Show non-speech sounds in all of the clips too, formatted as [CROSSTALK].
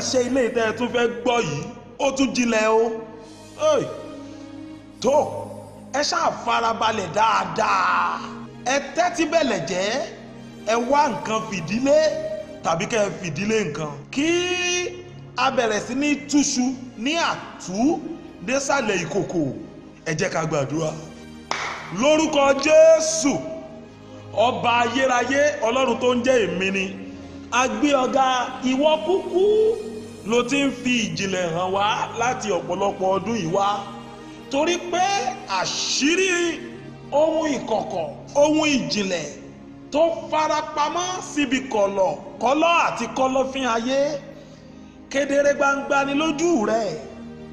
àṣẹ ilé ìtẹ́ ẹ tún fẹ́ gbọ́ yìí ó tún jinlẹ̀ o tó ẹ ṣáà farabalẹ̀ dáadáa ẹ tẹ́tí bẹ̀lẹ̀ jẹ́ ẹ wá nǹkan fìdílé tàbí kẹ́ ẹ fìdílé nǹkan kí a bẹ̀rẹ̀ sí ní túṣu ní àtú désàlẹ̀ ìkòkò ẹ jẹ́ ká gbàdúrà lórúkọ Jésù ọba ayérayé ọlọ́run tó ń jẹ́ èmi ni a gbé ọ̀gá ìwọ kúkú ló ti ń fi ìjìnlẹ̀ hàn wá láti ọ̀pọ̀lọpọ̀ ọdún yìí wá torí pé àṣírí ohun ìkọ̀kọ̀ ohun ìjìnlẹ̀ tó farapamọ́ síbi kọ̀lọ̀ kọ́lọ́ àti kọ́lọ́fín ayé kedere gbangba ni lójú rẹ̀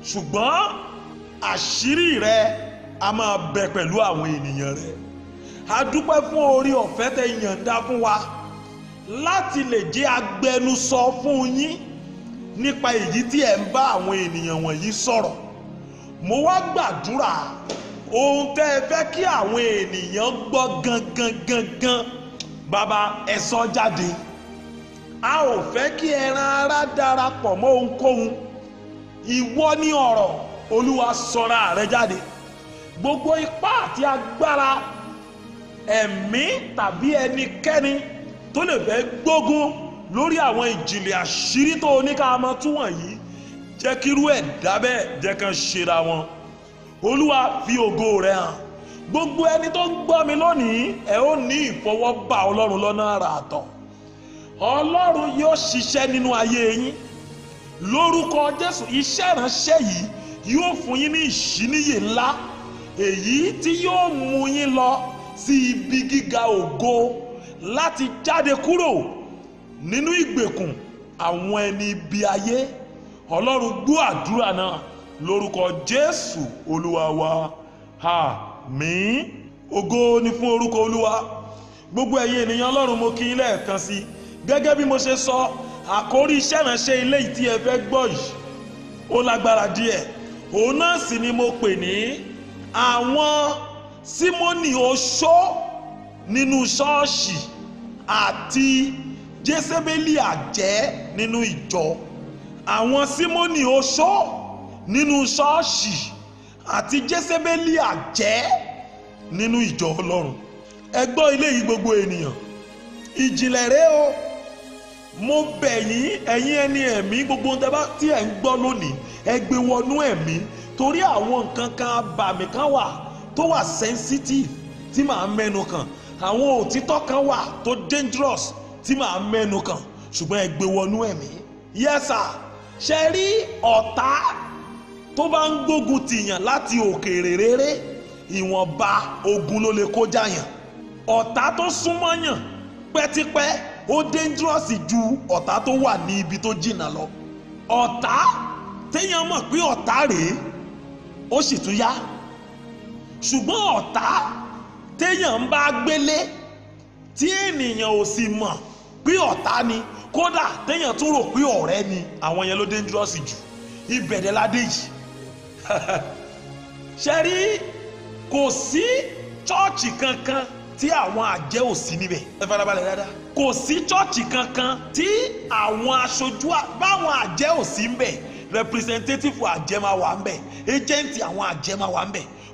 ṣùgbọ́n àṣírí rẹ̀ a máa bẹ pẹ̀lú àwọn ènìyàn rẹ̀ a dúpẹ́ fún orí ọ̀fẹ́ tẹ́ yànda fún wa láti lè jẹ́ agbẹnusọ fún yín nípa èyí tí ẹ̀ ń bá àwọn ènìyàn wọ̀nyí sọ̀rọ̀ mo wá gbàdúrà ohun tẹ́ ẹ fẹ́ kí àwọn ènìyàn gbọ́ gangan gangan bàbá ẹ sọ jáde a ò fẹ́ kí ẹran ara darapọ̀ mọ́ ohunkóhun ìwọ ni ọ̀rọ̀ olúwa sọra rẹ jáde gbogbo ipá àti agbára ẹ̀mí tàbí ẹnikẹ́ni tó lè fẹ́ gbógun lórí àwọn ìjìnlẹ̀ àṣírí tó oníkàámọ́ túwọ̀n yìí jẹ́ kírú ẹ̀ dábẹ́ jẹ́ kan ṣera wọn olúwa fi ògo rẹ̀ hàn gbogbo ẹni tó ń gbọ́ mi lónìí ẹ ó ní ìfọwọ́bà ọlọ́run lọ́nà àrà àtọ̀ ọlọ́run yóò ṣiṣẹ́ nínú ayé yín lórúkọ jésù iṣẹ́ ìránṣẹ́ yìí yóò fún yín ní ìṣíníyè ńlá èyí tí yóò mú yín lọ sí ibi gíga ògo láti jáde kúrò nínú ìgbèkùn àwọn ẹni ibi ayé ọlọ́run gbọ́ àdúrà náà lórúkọ jésù olúwa wa àmín ògo ni fún orúkọ olúwa gbogbo ẹ̀yin ènìyàn ọlọ́run mo kí yín lẹ́ẹ̀kan sí gẹ́gẹ́ bí mo ṣe sọ àkórí iṣẹ́ ìránṣẹ́ ilé tí ẹ fẹ́ gbọ́ yìí ó lágbára díẹ̀ òun náà sì ni mo pè ní àwọn símónì oṣó nínú ṣọ́ọ̀ṣì àti jésébélì àjẹ́ nínú ìjọ àwọn símónì oṣó nínú ṣọ́ọ̀ṣì àti jésébélì àjẹ́ nínú ìjọ ọlọ́run ẹ gbọ́ ilé yìí gbogbo ènìyàn ìjìnlẹ̀ rẹ o mo bẹ̀ yín ẹ̀yin ẹni ẹ̀mí gbogbo ohun tí ẹ̀ ń gbọ́ lónìí ẹ gbé wọnú ẹ̀mí torí àwọn nǹkan kan abàmì kan wà tó wà sensitive tí màá mẹ́nu kàn àwọn òtítọ́ kan wà tó dangerous tí màá mẹ́nu kàn ṣùgbọ́n ẹ gbé wọnú ẹ̀mí yẹ́sà ṣe rí ọ̀tá tó bá ń gbógun tìyàn láti òkèèrè rere ìwọ̀nba ogun ló lè kó jàyàn ọ̀tá tó súnmọ́ yàn pẹ́típẹ́ ó dangerous ju ọ̀tá tó wà ní ibi tó jìnnà lọ ọ̀tá téèyàn mọ̀ pé ọ̀tá rèé ó sì tún yá ṣùgbọ́n ọ̀tá téèyàn ń bá gbélé tí ènìyàn ò sì mọ̀ pé ọ̀tá ni kódà téèyàn tún rò pé ọ̀rẹ́ ni àwọn yẹn ló dangerous jù ibẹ̀dẹ̀ ládé yìí [LAUGHS] ṣe rí kò sí chọ́ọ̀chì kankan tí àwọn àjẹ́ ò sí níbẹ̀ ẹ farabalẹ̀ dáadáa kò sí chọ́ọ̀chì kankan tí àwọn aṣojú báwọn àjẹ́ ò sí níbẹ̀ representative àjẹ́ máa wà níbẹ̀ agent àwọn àjẹ́ máa wà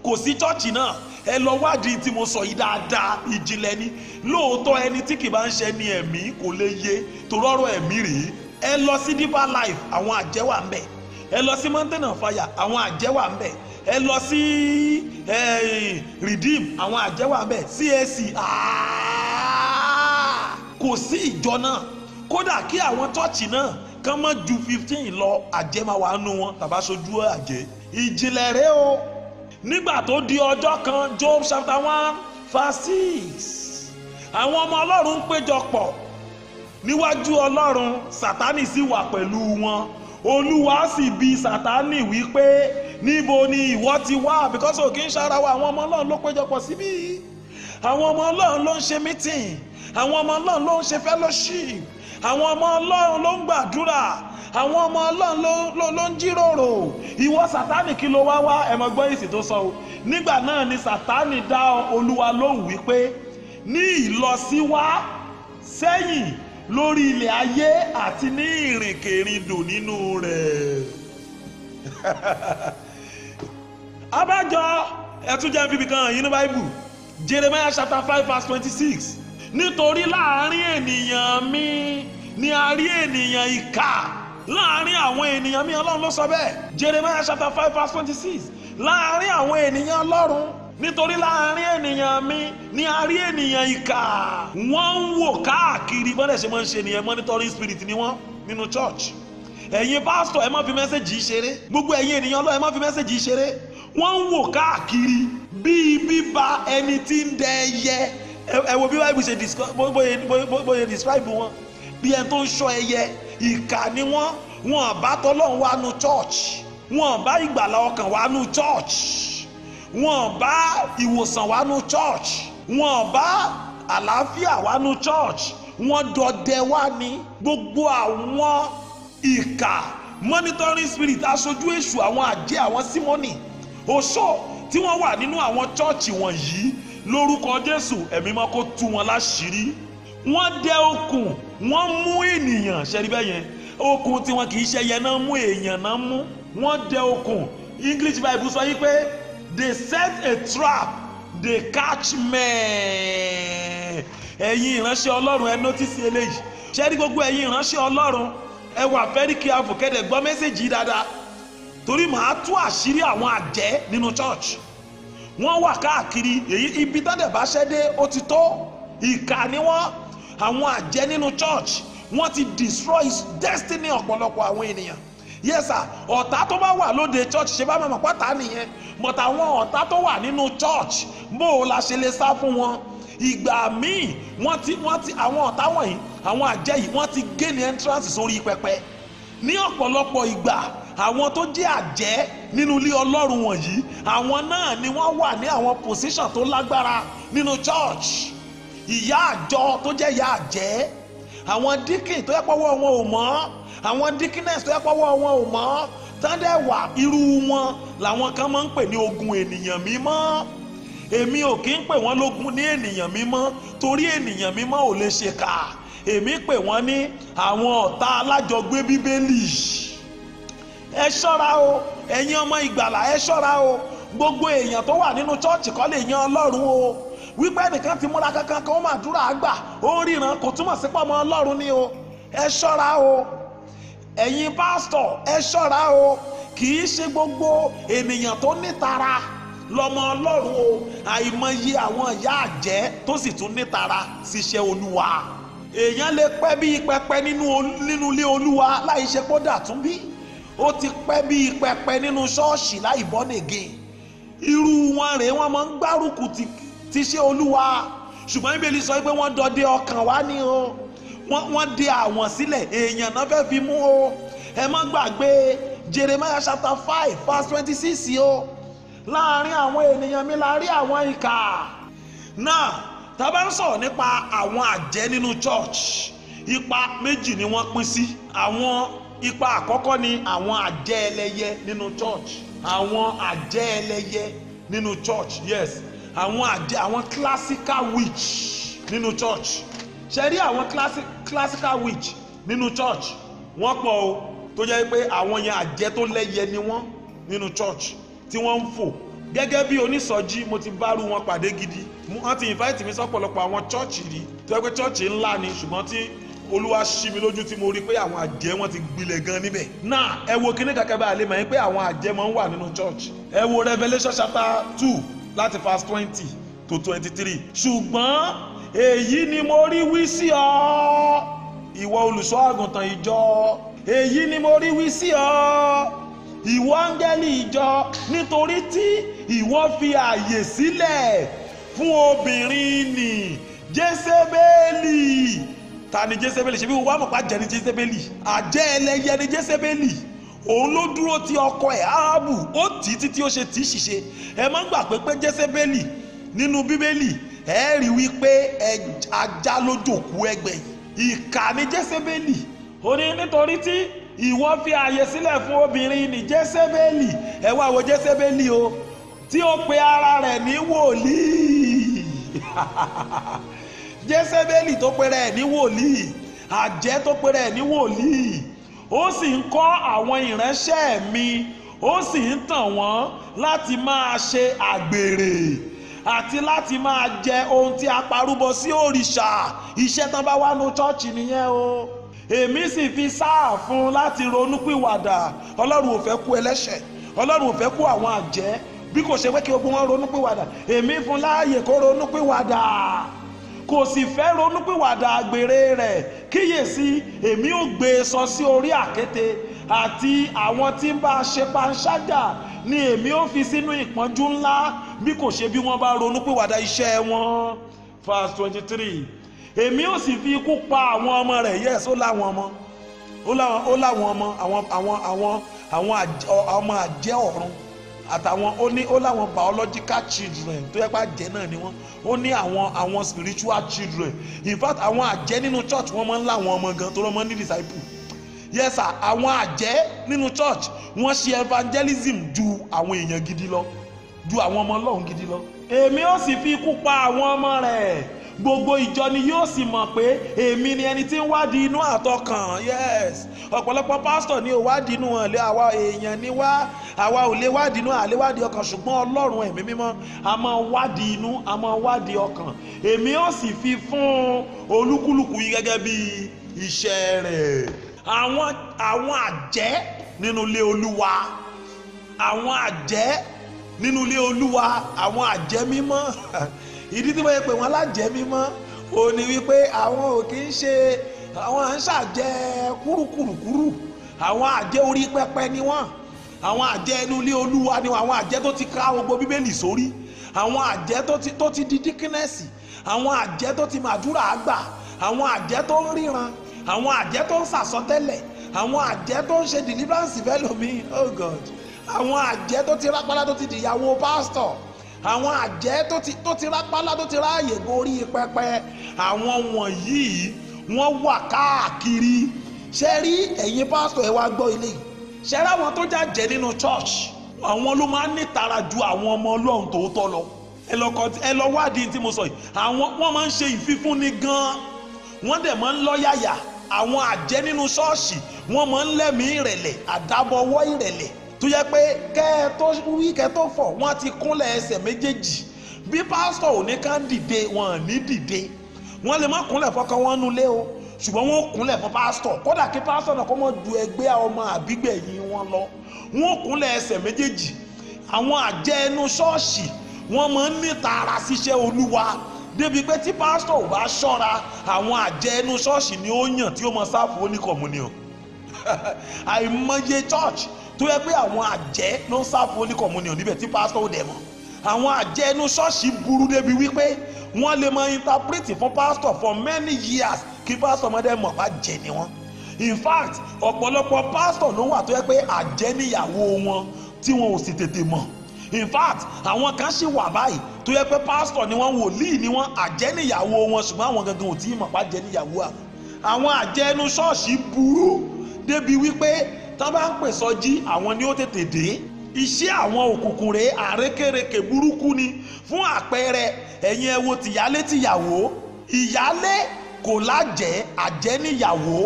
kò sí chọ́ọ̀chì náà ẹ lọ wádìí tí mo sọ yìí dáadáa ìjìnlẹ̀ ni lóòótọ́ ẹni tí kì bá ń ṣe ni ẹ̀mí kò lè yé torí ọ̀rọ̀ ẹ̀mí rèé ẹ lọ sí Deeper Life àwọn àjẹ́ wà ń bẹ̀ ẹ lọ sí Mountain of Fire àwọn àjẹ́ wà ń bẹ̀ ẹ lọ sí Redeem àwọn àjẹ́ wà ń bẹ̀ CAC kò sí ìjọ náà kódà kí àwọn chọ́ọ̀chì náà kán mọ́ ju fifteen lọ àjẹ́ máa wà nù wọn tàbá sojú àjẹ́ ìjìnlẹ̀ rèé o nígbà tó di ọjọ́ kan Job chapter one verse six àwọn ọmọ ọlọ́run ń péjọ pọ̀ níwájú ọlọ́run sátánì sì wà pẹ̀lú wọn olúwa sì bi sátánì wípé níbo ni ìwọ ti wá because òkè ń ṣara wa àwọn ọmọ ọlọ́run ló péjọ pọ̀ síbí àwọn ọmọ ọlọ́run ló ń ṣe meeting àwọn ọmọ ọlọ́run ló ń ṣe fellowship àwọn ọmọ ọlọ́run ló ń gbàdúrà àwọn ọmọ ọlọ́run ló ló ń jíròrò ìwọ sátánì kí ló wá wá ẹ̀mọ́ gbọ́ èsì tó sọ o nígbà náà ni sátánì dá olúwa lóhùn wípé ní ìlọsíwá sẹ́yìn lórí ilẹ̀ ayé àti ní ìrìnkèrindò nínú rẹ̀ [LAUGHS] abájọ ẹtújẹ fífi kan yìí ní báíbù Jeremiah chapter five verse twenty-six nítorí láàárín ènìyàn mi ni a rí ènìyàn ìkà láàárín àwọn ènìyàn mi ọlọ́run ló sọ bẹ́ẹ̀ Jeremiah chapter five verse twenty six láàárín àwọn ènìyàn ọlọ́run nítorí láàárín ènìyàn mi ní a rí ènìyàn ìkà wọ́n ń wò káàkiri bọ́dẹ̀ ṣe máa ń ṣe nìyẹn monitoring spirit ni wọ́n nínú church ẹ̀yin pásítọ̀ ẹ má fi mẹ́sẹ̀gì ṣeré gbogbo ẹ̀yin ènìyàn ọlọ́run ẹ má fi mẹ́sẹ̀gì ṣeré wọ́n ń wò káàkiri bíi bíba ẹni tí ń dẹ ẹyẹ ẹ wo bí wọ́n ṣe describe wọn bí ẹni tó ń ṣọ́ ẹyẹ ìkà ni wọ́n wọn bá tọ́lọ́run wá nu church wọn bá ìgbàlá ọkàn wá nu church wọn bá ìwòsàn wá nu church wọn bá àlàáfíà wá nu church wọn dọdẹ wá ní gbogbo àwọn ìkà monitoring spirit aṣojú èṣù àwọn àjẹ́ àwọn símọ́nì oṣó tí wọ́n wà nínú àwọn chọ́ọ̀chì wọ̀nyí lórúkọ Jésù ẹ̀mí mọ́ kó tú wọn láṣìírí wọ́n dẹ okùn wọ́n mú ènìyàn ṣẹ́rí bẹ́yẹn okùn tí wọn kì í ṣe ẹyẹ náà mú èèyàn náà mú wọ́n dẹ okùn English Bible sọ yìí pé they set a trap they catch men ẹ̀yin ìránṣẹ́ Ọlọ́run ẹ notice eléyìí ṣẹ́rí gbogbo ẹ̀yin ìránṣẹ́ Ọlọ́run ẹ wà very careful kẹ́dẹ̀ gbọ́ mẹ́sẹ̀gì dáadáa torí màá tú àṣírí àwọn àjẹ́ nínú church wọ́n wà káàkiri èyí ibi tán dẹ̀ bá ṣẹ́ dé ó ti tó ìkà ni wọ́n àwọn àjẹ́ nínú church wọ́n ti destroy destiny ọ̀pọ̀lọpọ̀ àwọn ènìyàn yes sir ọ̀tá tó bá wà lóde church ṣe bá mọ̀mọ́ pátá nìyẹn but àwọn ọ̀tá tó wà nínú church bó o la ṣe lè sá fún wọn ìgbà míì wọ́n ti wọ́n ti àwọn ọ̀tá wọ̀nyí àwọn àjẹ́ yìí wọ́n ti gain entrance sórí pẹpẹ ní ọ̀pọ̀lọpọ̀ ìgbà àwọn tó jẹ́ àjẹ́ nínú ilé ọlọ́run wọ̀nyí àwọn náà ni wọ́n wà ní àwọn position tó lágbára nínú church ìyá àjọ tó jẹ́ ìyá àjẹ́ àwọn díkìn tó yẹ pọ́wọ́ wọn ò mọ́ àwọn díkínẹ́sì tó yẹ pọ́wọ́ wọn ò mọ́ tọ́ndẹ̀ wà irú wọn làwọn kan máa ń pè ní ogun ènìyàn mímọ́ èmi ò kí ń pè wọ́n lógun ní ènìyàn mímọ́ torí ènìyàn mímọ́ ò lè ṣe kà èmi pè wọ́n ní àwọn ọ̀tá alájọgbé bíbélì ẹ ṣọ́ra o ẹ̀yin ọmọ ìgbàlà ẹ ṣọ́ra o gbogbo èèyàn tó wà nínú chọ́ọ̀chì kọ́ lè yan ọlọ́run o wípé ẹnìkan ti múra kankan kan ó máa dúró àgbà ó ríran kò túmọ̀ sí pọ́mọ ọlọ́run ni o ẹ ṣọ́ra o ẹ̀yin pásítọ̀ ẹ ṣọ́ra o kì í ṣe gbogbo ènìyàn tó nítara lọmọ ọlọ́run o àìmọye àwọn ìyá àjẹ́ tó sì tún nítara síṣẹ́ olúwa èèyàn lè pẹ́ bíi pẹpẹ nínú ilé olúwa láì ṣe kó dà tún bí ó ti pẹ́ bíi pẹpẹ nínú ṣọ́ọ̀ṣì láì bọ́ nìgín irú wọn rèé wọn máa ń gbárùkù ti ti ṣe olúwa ṣùgbọ́n ibèlì sọ pé wọ́n dọdẹ ọkàn wá ní o wọ́n dẹ àwọn sílẹ̀ èèyàn náà fẹ́ fi mú o ẹ má gbàgbé Jeremiah chapter five verse twenty six o láàárín àwọn ènìyàn mi la rí àwọn ìkà náà tá a bá ń sọ̀rọ̀ nípa àwọn àjẹ́ nínú church ipa méjì ni wọ́n pín sí àwọn ipa àkọ́kọ́ ni àwọn àjẹ́ ẹlẹ́yẹ nínú church àwọn àjẹ́ ẹlẹ́yẹ nínú church yes àwọn àdé àwọn classical witch nínú church ṣe rí àwọn classical witch nínú church wọ́n pọ̀ o tó jẹ́ pé àwọn yẹn àjẹ́ tó lẹ́yẹ ni wọ́n nínú church tí wọ́n ń fò gẹ́gẹ́ bí onísọjí mo ti bárú wọn pàdé gidi wọ́n ti invite mi sọ́pọ̀lọpọ̀ àwọn church rí tó jẹ́ pé church ńlá ni ṣùgbọ́n tí olúwa ṣí mi lójú tí mo rí pé àwọn àjẹ́ wọn ti gbilẹ̀ gan níbẹ̀. náà ẹ wo kíní kàkẹ́ bá a lè mọ̀ yín pé àwọn àjẹ́ máa ń wà nínú church ẹ wo Revelation chapter two láti verse twenty to twenty three ṣùgbọ́n èyí ni mo rí wí sí ọ ìwọ olùṣọ́ àgùntàn ìjọ èyí ni mo rí wí sí ọ ìwọ áńgẹ́lì ìjọ nítorí tí ìwọ fi ààyè sílẹ̀ fún obìnrin nì jésébélì ta ni jésébélì ṣe bí wọn wá mọ̀ pa jẹ́ ni jésébélì àjẹ́ ẹlẹ́yẹ ni jésébélì òun ló dúró ti ọkọ ẹ̀ arábù ó tì í títí ó ṣe tì í ṣìṣe ẹ má gbà pé pé jésébélì nínú bíbélì ẹ rí wípé ajá ló jòkú ẹgbẹ́ ìkà ni jésébélì ó ní nítorí tí ìwọ fi ààyè sílẹ̀ fún obìnrin ní jésébélì ẹ wá wo jésébélì o tí ó pe ara rẹ̀ ní wòlíì [LAUGHS] jésébélì tó pe rẹ̀ ní wòlíì àjẹ́ tó pe rẹ̀ ní wòlíì ó sì ń kọ́ àwọn ìránṣẹ́ mi ó sì ń tàn wọ́n láti máa ṣe àgbèrè àti láti máa jẹ ohun tí a parúbọ sí òrìṣà iṣẹ́ tán bá wà ní chọ́ọ̀chì nìyẹn o èmi sì fi sáà fún láti ronú pìwàdà ọlọ́run ò fẹ́ kú ẹlẹ́ṣẹ̀ ọlọ́run ò fẹ́ kú àwọn àjẹ́ bí kò ṣe pé kí gbogbo wọn ronú pìwàdà èmi fún láàyè kó ronú pìwàdà kò sì fẹ́ ronúpìwàdà àgbèrè rẹ̀ kíyèsí èmi ò gbé e sọ sí orí àkéte àti àwọn tí ń bá a ṣe panṣágà ni èmi ò fi sínú ìpọ́njú ńlá bí kò ṣe bí wọ́n bá ronúpìwàdà iṣẹ́ wọn verse twenty three èmi ò sì fi ikú pa àwọn ọmọ rẹ̀ yes ó láwọn ọmọ ó láwọn ọmọ àwọn àwọn àwọn àwọn ọmọ àjẹ́ ọ̀run àtàwọn ó ní ó láwọn biological children tó yẹ pé àjẹ́ náà ni wọ́n ó ní àwọn àwọn spiritual children in fact àwọn àjẹ́ nínú church wọ́n máa ń láwọn ọmọ gan tó rọ́ mọ́ ní disciple yes sir àwọn àjẹ́ nínú church wọ́n ṣe evangelism ju àwọn èèyàn gidi lọ ju àwọn ọmọ ọlọ́run gidi lọ èmi ó sì fi ikú pa àwọn ọmọ rẹ̀ gbogbo ìjọ ni yóò sì mọ̀ pé èmi ni ẹni tí ń wádìí inú àtọkàn yes ọ̀pọ̀lọpọ̀ pásítọ̀ ni ò wádìí inú hàn lé àwa èèyàn ni wá àwa ò lè wádìí inú àlè wádìí ọkàn ṣùgbọ́n ọlọ́run ẹ̀mí mímọ́ a máa wádìí inú a máa wádìí ọkàn èmi ó sì fi fún olúkúlùkù yìí gẹ́gẹ́ bí iṣẹ́ rẹ̀ àwọn àwọn àjẹ́ nínú ilé olúwa àwọn àjẹ́ nínú ilé olúwa àwọn àjẹ́ mímọ́ [LAUGHS] ìdí tí wọ́n yẹ pé wọ́n lájẹ́ mímọ́ ò ní wípé àwọn ò kì í ṣe àwọn à ń ṣàjẹ kúrúkùrùkúrù àwọn àjẹ orí pẹpẹ ni wọ́n àwọn àjẹ inú ilé olúwa ni àwọn àjẹ tó ti ká gbogbo bíbélì sórí àwọn àjẹ tó ti di díkínẹ́sì àwọn àjẹ tó ti màdúrà àgbà àwọn àjẹ tó ń ríran àwọn àjẹ tó ń sàsọtẹ́lẹ̀ àwọn àjẹ tó ń ṣe deliverance fẹ́ oh God àwọn àjẹ tó ti rápálá tó ti dìyàwó pásítọ̀ àwọn àjẹ́ tó ti rápálá tó ti ráàyè gorí pẹpẹ àwọn wọ̀nyí wọ́n wà káàkiri ṣe rí ẹ̀yin pásítọ̀ ẹ wá gbọ́ ilé ṣe rí tó jàjẹ́ nínú church àwọn ló máa ń nítara ju àwọn ọmọ ọlọ́run tòótọ́ lọ ẹ lọ wádìí tí mo sọ yìí àwọn wọ́n máa ń ṣe ìfífúnni gan-an wọ́n dẹ̀ máa ń lọ́yàyà àwọn àjẹ́ nínú ṣọ́ọ̀ṣì wọ́n máa ń lẹ́mìí ìrẹ̀lẹ̀ àdábọ̀wọ́ ìrẹ̀lẹ̀ tó yẹ pé kẹ́ ẹ tó wí kẹ́ ẹ tó fọ̀ wọ́n ti kúnlẹ̀ ẹsẹ̀ méjèèjì bí pásítọ̀ ò ní ká dìde wọn ò ní dìde wọ́n lè má kúnlẹ̀ fọkàn wọn nulẹ̀ o ṣùgbọ́n wọ́n kúnlẹ̀ fún pásítọ̀ kódà kí pásítọ̀ náà kọ́ mọ́ ju ẹgbẹ́ ọmọ àbígbẹ̀yìn wọn lọ wọ́n kúnlẹ̀ ẹsẹ̀ méjèèjì àwọn àjẹ́ ẹnu ṣọ́ọ̀ṣì wọ́n máa ń níta ara ṣiṣẹ́ olúwa débi pé tí pásítọ̀ ò bá ṣọ́ra àwọn àjẹ́ ẹnu ṣọ́ọ̀ṣì ni ó yàn tí ó mọ sáfù oníkọ̀mùnìyàn [LAUGHS] àìmọye church tó yẹ pé àwọn àjẹ́ ló ń sáfù holy communion níbẹ̀ tí pásítọ̀ ò dẹ̀ mọ̀ àwọn àjẹ́ inú ṣọ́ọ̀ṣì burú débi wípé wọ́n lè máa interpret fún pásítọ̀ for many years kí pásítọ̀ mọ́ dẹ̀ mọ̀ bá jẹ́ ni wọ́n in fact ọ̀pọ̀lọpọ̀ pásítọ̀ ló wà tó yẹ pé àjẹ́ níyàwó wọn tí wọn ò sì tètè mọ̀ in fact àwọn kan sì wà báyìí tó yẹ pé pásítọ̀ ni wọ́n wòlíì ni wọ́n àjẹ́ níyàwó wọn ṣùgbọ́n àwọn gangan ò tí ì mọ̀ bá jẹ́ níyàwó àwọn àwọn àjẹ́ inú ṣọ́ọ̀ṣì burú débi wípé tán bá ń pè sọjí àwọn ni ó tètè dé iṣẹ́ àwọn òkùnkùn rèé àrékèrèkè burúkú ni fún àpẹẹrẹ ẹ̀yin ẹ wo tìyálé tìyàwó ìyálé kò lájẹ́ àjẹ́ níyàwó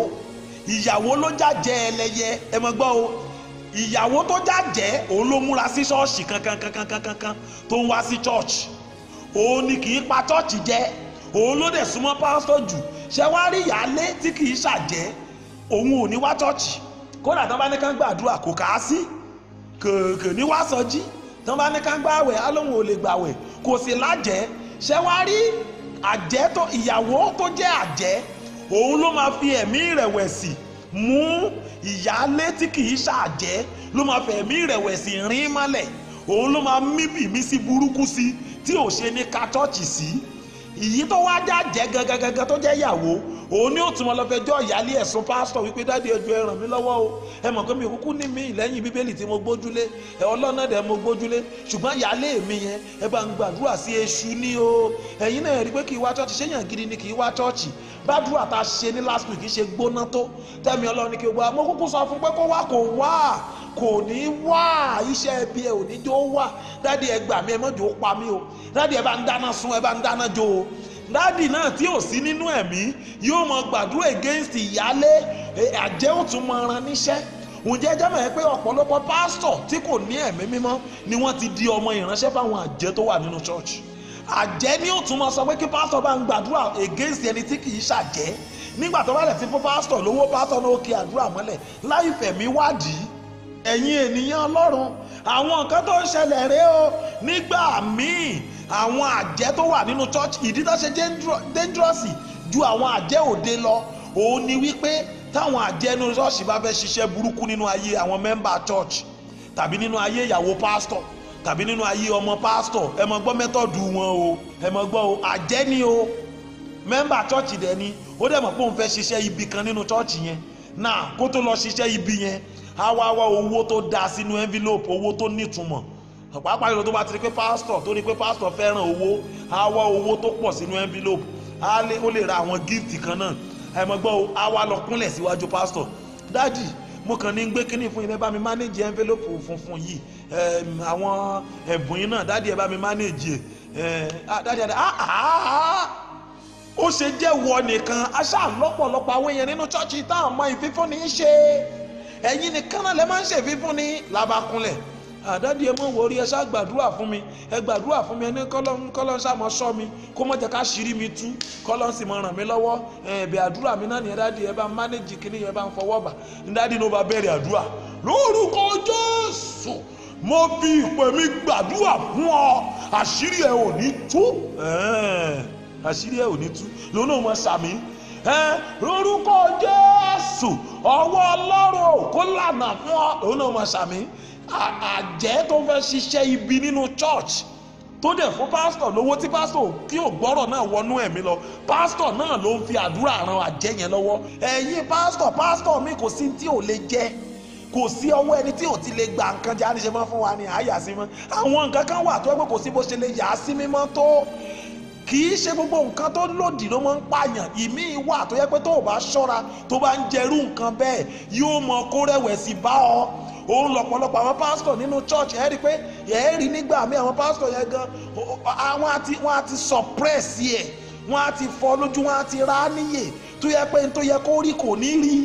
ìyàwó ló jàjẹ́ ẹlẹ́yẹ ẹ mọ̀ gbọ́ o ìyàwó tó jàjẹ́ òun ló múra sí ṣọ́ọ̀ṣì kankankankankankan tó ń wá sí ṣọ́ọ̀ṣì òun ni kì í pa ṣọ́ọ̀ṣì jẹ òun ló dẹ̀ súnmọ́ pásítọ̀ jù ṣé ìyálé tí kì í ṣàjẹ́ òun ò ní wá ṣọ́ọ̀ṣì kódà tán bá ní ká ń gbàdúrà kò kà á sí kèké ní wàá sọ jí tán bá ní ká ń gbàwẹ̀ á lóun ò lè gbàwẹ̀ kò sì lájẹ́ ṣé wàá rí àjẹ́ tó ìyàwó tó jẹ́ àjẹ́ òun ló máa fi ẹ̀mí ìrẹ̀wẹ̀sì mú ìyáálé tí kì í ṣàjẹ́ ló máa fi ẹ̀mí ìrẹ̀wẹ̀sì rín mọ́lẹ̀ òun ló máa mí bìmí sí burúkú sí tí ò ṣe ní ká tọ́ọ̀chì sí ìyí tó wá jájẹ́ gangan gangan tó jẹ́ ìyàwó òun ni ó tún mọ lọ fẹjọ́ ìyálé ẹ̀sùn pásítọ̀ wípé dáàdi ẹjọ́ ẹ ràn mí lọ́wọ́ o ẹ mọ̀ pé mi kúkú ní mi lẹ́yìn bíbélì tí mo gbójúlé ẹ ọlọ́nà dẹ̀ mo gbójúlé ṣùgbọ́n ìyálé mi yẹn ẹ bá ń gbàdúrà sí èṣù ni o ẹ̀yin náà rí pé kì í wá chọ́ọ̀chì ṣéyàn gidi ni kì í wá chọ́ọ̀chì gbàdúrà tá a ṣe ní last week kì í ṣe gbóná tó tẹ́mi ọlọ́run ní kí gbogbo àmọ́ kúkú sọ fún pé kó wá kó wá kò ní wá o dáàdi ẹ bá ń dáná sun ẹ dádì náà tí ò sí nínú ẹ̀mí yóò mọ gbàdúrà against ìyálé àjẹ́ ò tún mọ ran níṣẹ́ ǹjẹ́ jẹ́ mọ̀ ẹ́ pé ọ̀pọ̀lọpọ̀ pásítọ̀ tí kò ní ẹ̀mí mímọ́ ni wọ́n ti di ọmọ ìránṣẹ́ fáwọn àjẹ́ tó wà nínú chọ́ọ̀chì àjẹ́ ni ó tún máa sọ pé kí pásítọ̀ bá ń gbàdúrà against ẹni tí kì í ṣàjẹ́ nígbà tó bá lè ti fún pásítọ̀ lówó pásítọ̀ náà ó kí àdúrà mọ́lẹ̀ láì fẹ̀mí wádìí ẹ̀yin ènìyàn ọlọ́run àwọn nǹkan tó ń ṣẹlẹ̀ rèé o nígbà míì àwọn àjẹ́ tó wà nínú church ìdí tó ṣe dangerous ju àwọn àjẹ́ òde lọ òun ni wípé táwọn àjẹ́ nínú church bá fẹ́ ṣiṣẹ́ burúkú nínú ayé àwọn member church tàbí nínú ayé ìyàwó pastor tàbí nínú ayé ọmọ pastor ẹ mọ gbọ́ mẹ́tọ̀dù wọn o ẹ mọ gbọ́ o àjẹ́ ni o member church dẹ̀ ni ó dẹ̀ mọ̀ pé òun fẹ́ ṣiṣẹ́ ibi kan nínú church yẹn náà kó tó lọ ṣiṣẹ́ ibi yẹn á wá wá owó tó dáa sínú envelope owó tó nítumọ̀ pásítọ̀ pàápàá ìlú tó bá ti rí pé pásítọ̀ tó rí pé pásítọ̀ fẹ́ràn owó á owó tó pọ̀ sínú envelope á lé ó lè ra àwọn gift kan náà àìmọ̀gbọ́n o á wá lọ kúnlẹ̀ síwájú pásítọ̀ dáàdì mo kàn ní gbé kínní fún yín ẹ bá mi manage envelope funfun yìí àwọn ẹ̀bùn yín náà dáàdì ẹ bá mi manage ẹ̀ dáàdì ẹ̀ ó ṣe jẹ́ wọ nìkan aṣáà lọ́pọ̀lọpọ̀ àwọn èèyàn nínú ṣọ́ọ̀ṣì táwọn ọmọ ìfífúnni ń ṣe ẹ̀yin nìkan náà lè máa ń ṣèfífúnni làbàkúnlẹ̀ àdádì ẹ mọ wọrí ẹ ṣá gbàdúrà fún mi ẹ gbàdúrà fún mi ẹ ní kọlọ́n ṣàmọ sọ mi kó mọ̀ jẹ́ ká ṣírí mi tú kọlọ́n sì mọ ràn mí lọ́wọ́ ẹ̀bẹ̀ àdúrà mi náà ní ẹ̀dádì ẹ bá ń mánéjì kíní ẹ bá ń fọwọ́ bà ẹ̀dádì ló bá bẹ̀rẹ̀ àdúrà lórúkọ Jésù mo fi ìpè mi gbàdúrà fún ọ àṣírí ẹ ò ní tú àṣírí ẹ ò ní tú lónà mo sàmì lórúkọ Jésù ọwọ́ Ọlọ́run kó lànà fún ọ lónà mo sàmì àjẹ́ tó fẹ́ ṣiṣẹ́ ibi nínú church tó dẹ̀ fún pásítọ̀ lówó tí pastor? tí ò gbọ́rọ̀ náà wọnú ẹ̀mí lọ pásítọ̀ náà ló ń fi àdúrà ran àjẹ́ yẹn lọ́wọ́ ẹ̀yin pásítọ̀ pastor, mi kò sí tí ò lè jẹ́ kò sí ọwọ́ ẹni tí ò ti lè gba nǹkan jẹ́ àníṣe máa fún wa ni àyà sí mọ́ àwọn nǹkan kan wà tó ẹ pé kò sí bó ṣe lè yà á sí mímọ́ tó kì í ṣe gbogbo nǹkan tó lòdì ló máa ń pààyàn ìmí wà tó yẹ pé tó o bá ṣọ́ra tó bá ń jẹrú nǹkan bẹ́ẹ̀ yóò mọ kó rẹ̀wẹ̀sì bá ọ òun lọ̀pọ̀lọpọ̀ àwọn pásítọ̀ nínú church ẹ̀ rí pé ẹ̀ rí nígbà mí àwọn pásítọ̀ yẹn gan àwọn àti wọ́n àti suppress ẹ̀ wọ́n àti fọ́ lójú wọ́n àti rá níyè tó yẹ pé n tó yẹ kó rí kò ní rí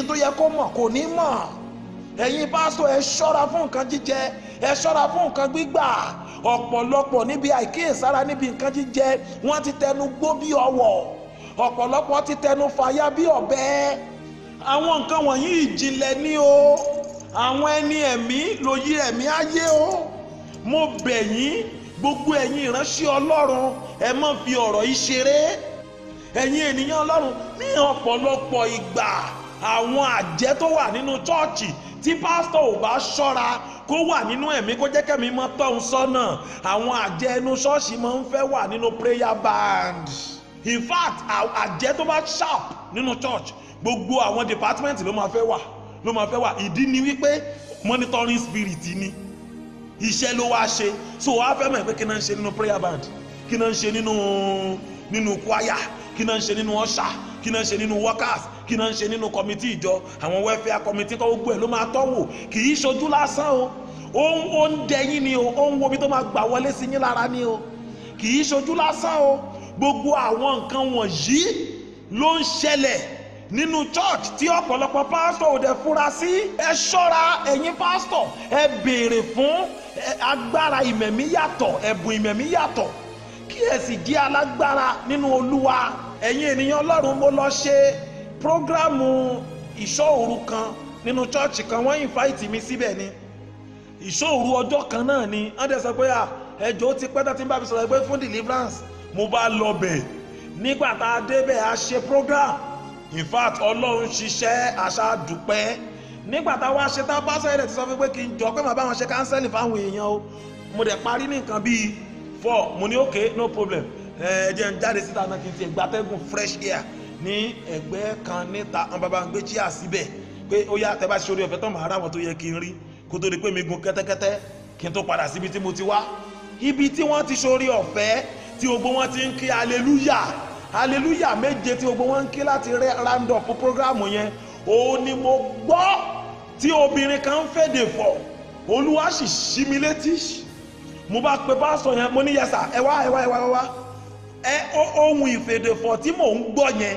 n tó yẹ kó mọ̀ kò ní mọ̀ ẹ̀yin pásítọ̀ ẹ ṣọ́ra fún nǹkan jíjẹ ẹ ṣọ́ra fún nǹkan gbígbà ọ̀pọ̀lọpọ̀ níbi àìkíyèsára níbi nǹkan jíjẹ wọ́n ti tẹnu gbó bí ọwọ́ ọ̀pọ̀lọpọ̀ ti tẹnu fàya bí ọ̀bẹ àwọn nǹkan wọ̀nyí ìjìnlẹ̀ ni o àwọn ẹni ẹ̀mí lòye ẹ̀mí ayé o mo bẹ̀ yín gbogbo ẹ̀yin ìránṣẹ́ ọlọ́run ẹ má fi ọ̀rọ̀ yìí ṣeré ẹ̀yin ènìyàn ọlọ́run ní ọ̀pọ̀lọpọ̀ ìgbà àwọn àjẹ́ tó wà nínú chọ́ọ̀chì tí pásítọ̀ ò bá ṣọ́ra kó wà nínú ẹ̀mí kó jẹ́ kẹ́mi mọ́ tọ́hún sọ́nà àwọn àjẹ́ inú ṣọ́ọ̀ṣì máa ń fẹ́ wà nínú prayer band in fact àjẹ́ tó bá sharp nínú church gbogbo àwọn department ló máa fẹ́ wà ló máa fẹ́ wà ìdí ni wípé monitoring spirit ni iṣẹ́ ló wá ṣe so wàá fẹ́ mọ̀ pé kí náà ń ṣe nínú prayer band kí náà ń ṣe nínú nínú kwaya kí náà ń ṣe nínú ọ̀ṣà kí náà ń ṣe nínú workers kí náà ń ṣe nínú committee ìjọ àwọn welfare committee kọ́ gbogbo ẹ̀ ló máa tọ́wò kì í ṣojú lásán o ó ń dẹyìn ni o ó ń wo bí tó máa gbà wọlé sí yín lára ni o kì í ṣojú lásán o gbogbo àwọn nǹkan wọ̀nyí ló ń ṣẹlẹ̀ nínú church tí ọ̀pọ̀lọpọ̀ pastor ò dẹ̀ fura sí ẹ ṣọ́ra ẹ̀yin pásítọ̀ ẹ béèrè fún agbára ìmẹ̀mí yàtọ̀ ẹ̀bùn ìmẹ̀mí yàtọ̀ kí ẹ sì jẹ́ alágbára nínú olúwa ẹ̀yin ènìyàn ọlọ́run mo lọ ṣe prógrámù ìṣọ́ kan nínú church kan wọ́n invite mi síbẹ̀ ni ìṣọ́ ọjọ́ kan náà ni wọ́n dẹ̀ sọ pé à ẹjọ́ ti pẹ́ tó ti ń bá mi sọ̀rọ̀ pé fún deliverance mo bá lọ bẹ̀ nígbà tá a débẹ̀ a ṣe program in fact ọlọ́run ṣiṣẹ́ aṣáàdùpẹ́ nígbà táwa ṣe tá a bá sẹ́yìn rẹ̀ ti sọ fún pé kí n jọ pé màá bá wọn ṣe kánsẹ́lì fáwọn èèyàn o mo dẹ̀ parí ní nǹkan bíi four mo ní ok no problem ẹ jẹ́ n jáde síta náà kí n ti gbatẹ́gùn fresh air ní ẹgbẹ́ kan níta àwọn bàbá ń gbé chia síbẹ̀ pé ó yá tẹ́ bá ṣe orí ọ̀fẹ́ tán màá rà wọ́n tó yẹ kí n rí kó tó di pé mi gun kẹ́tẹ́kẹ́tẹ́ kí n tó padà síbi tí mo ti wá ibi tí wọ́n ti ṣorí ọ̀fẹ́ tí gbogbo wọn ti ń kí aleluya hallelujah méje tí gbogbo wọn ń kí láti round up program yẹn òun ni mo gbọ́ tí obìnrin kan ń fèdè fọ̀ olúwa sì ṣí mi létí mo bá pe pásítọ̀ yẹn mo ní yẹsà ẹ wá ẹ wá ẹ wá ẹ wá ẹ ohun ìfèdè fọ̀ tí mò ń gbọ́ yẹn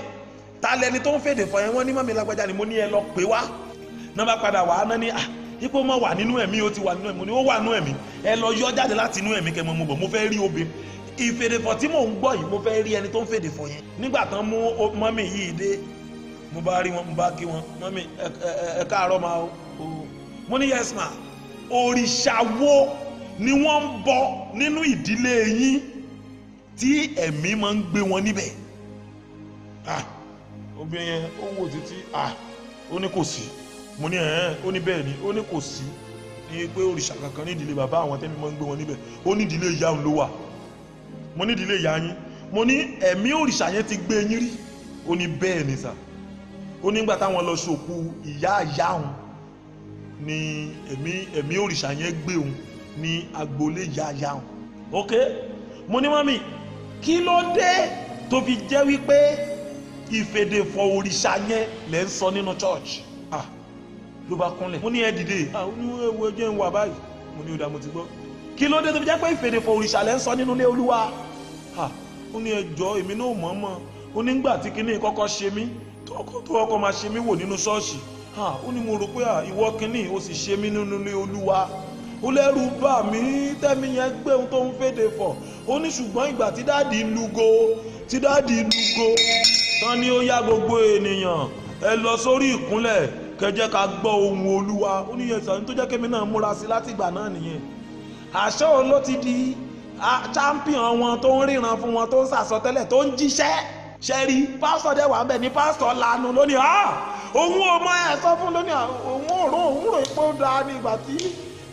ta lẹni tó ń fèdè fọ̀ yẹn wọ́n ní mọ́mi lágbájá ni mo ní ẹ lọ pè wá náà bá padà wà á náà ní à ah, ipò mọ wà nínú ẹ̀mí o ti wà nínú ẹ̀mí o ní ó wà nínú ẹ̀mí ẹ lọ yọ jáde láti inú ẹ̀mí kẹmọ mo mo fẹ́ rí obìnrin ìfèdèfọ̀ tí mò ń gbọ́ yìí mo fẹ́ rí ẹni tó ń fèdèfọ̀ yẹn nígbà tán mú mọ́mì yìí dé mo bá rí wọn mo bá kí wọn mọ́mì ẹ káàárọ̀ máa o mo ní yes ma òrìṣà wo ni wọ́n ń bọ nínú ìdílé yín tí ẹ̀mí máa ń gbé wọn níbẹ̀ obìnrin yẹn ó wò títí ó ní kò sí mo ní ẹ̀ẹ́n ó ní bẹ́ẹ̀ ni ó ní kò sí ní pé òrìṣà kankan ní ìdílé bàbá àwọn tẹ́mi máa ń gbé wọn níbẹ̀ ó ní ìdílé ìyá òun ló wà mo ní ìdílé ìyá yín mo ní ẹ̀mí òrìṣà yẹn ti gbé yín rí ó ní bẹ́ẹ̀ ni sà ó nígbà táwọn lọ ṣòkú ìyá ìyá òun ni ẹ̀mí ẹ̀mí òrìṣà yẹn gbé òun ní agboolé ìyá ìyá òun ok mo ní mọ́mì kí ló dé tó fi jẹ́ wípé ìfèdèfọ̀ òrìṣà yẹn lẹ́ ń sọ nínú church ah ló bá kúnlẹ̀ mo ní ẹ dìde ah ó ní ewu ẹjẹ́ ń wà báyìí mo ní ó ti gbọ́ kí ló dé tó fi jẹ́ pé ìfèrèfò òrìṣà lẹ́ ń sọ nínú ilé olúwa ó ní ẹjọ́ èmi náà mọ̀ mọ̀ ó ní gbà tí kinní kọ́kọ́ ṣe mí tó ọkọ̀ máa ṣe mí wò nínú ṣọ́ọ̀ṣì ó ní mo rò pé ìwọ kinní ó sì ṣe mí nínú ilé olúwa ó lẹ́rù bà mí tẹ́mi yẹn gbé ohun tó ń fèdè fọ̀ ó ní ṣùgbọ́n ìgbà tí dáàdì lugo tí dáàdì lugo tán ni ó yá gbogbo ènìyàn ẹ lọ sórí ìkúnlẹ̀ kẹjẹ́ ká gbọ́ ohùn olúwa ó ní yẹn sàn tó jẹ́ kémi náà múra sí látìgbà náà nìyẹn àṣọ òun ló ti di champion wọn tó ń ríran fún wọn tó ń sàsọtẹ́lẹ̀ tó ń jíṣẹ́ ṣẹ́rí pásítọ̀ dẹ̀ wà ń bẹ̀ ní pásítọ̀ lanu lónìí ah òun ò mọ ẹ̀ sọ fún lónìí òun ò rún òun rò pé ó dáa ní ìgbà tí